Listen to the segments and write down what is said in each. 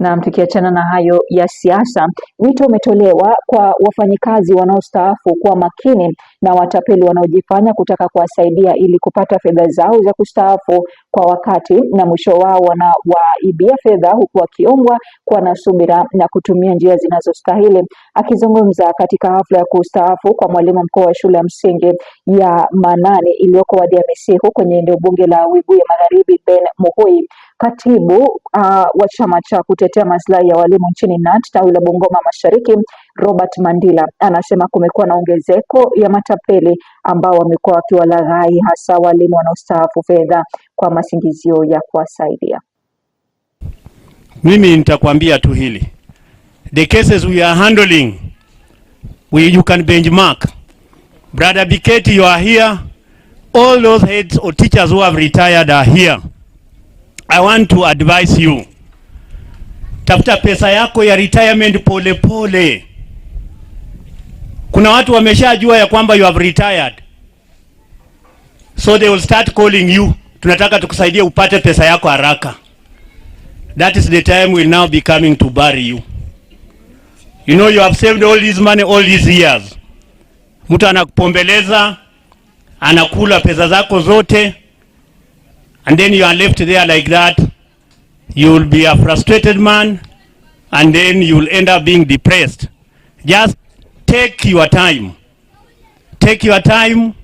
Na tukiachana na hayo ya siasa, wito umetolewa kwa wafanyikazi wanaostaafu kuwa makini na watapeli wanaojifanya kutaka kuwasaidia ili kupata fedha zao za kustaafu kwa wakati, na mwisho wao wanawaibia fedha huku wakiongwa kuwa na subira na kutumia njia zinazostahili. Akizungumza katika hafla ya kustaafu kwa mwalimu mkuu wa shule ya msingi ya Manane iliyoko wadi ya misihu kwenye eneo bunge la wigui Magharibi, Ben Muhui Katibu uh, wa chama cha kutetea maslahi ya walimu nchini KNUT tawi la Bungoma Mashariki, Robert Mandila anasema kumekuwa na ongezeko ya matapeli ambao wamekuwa wakiwalaghai hasa walimu wanaostaafu fedha kwa masingizio ya kuwasaidia. Mimi nitakwambia tu hili, the cases we are handling we, you can benchmark brother Biketi, you are here all those heads or teachers who have retired are here I want to advise you, tafuta pesa yako ya retirement pole pole. Kuna watu wameshajua ya kwamba you have retired, so they will start calling you, tunataka tukusaidie upate pesa yako haraka. That is the time we now be coming to bury you. You know you have saved all this money all these years. Mtu anakupombeleza anakula pesa zako zote and then you are left there like that you will be a frustrated man and then you will end up being depressed just take your time take your time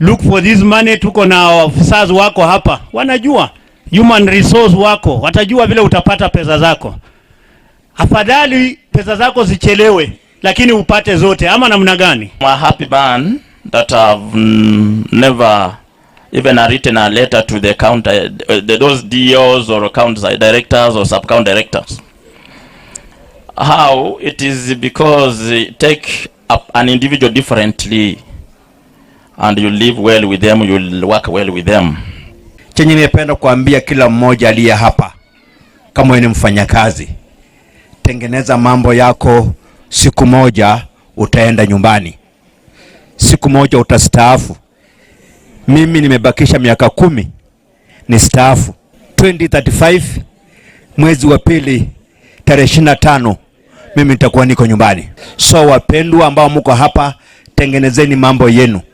look for this money tuko na officers wako hapa wanajua human resource wako watajua vile utapata pesa zako afadhali pesa zako zichelewe lakini upate zote ama namna gani happy man that I've never even a written a letter to the account, uh, the, those DOs or account directors or sub-account directors. How? It is because take up an individual differently and you live well with them, you work well with them. Chenye nimependa kuambia kila mmoja aliye hapa, kama wewe ni mfanyakazi, tengeneza mambo yako, siku moja utaenda nyumbani, siku moja utastaafu. Mimi nimebakisha miaka kumi ni staafu 2035 mwezi wa pili tarehe 25 tano mimi nitakuwa niko nyumbani. So wapendwa ambao mko hapa, tengenezeni mambo yenu.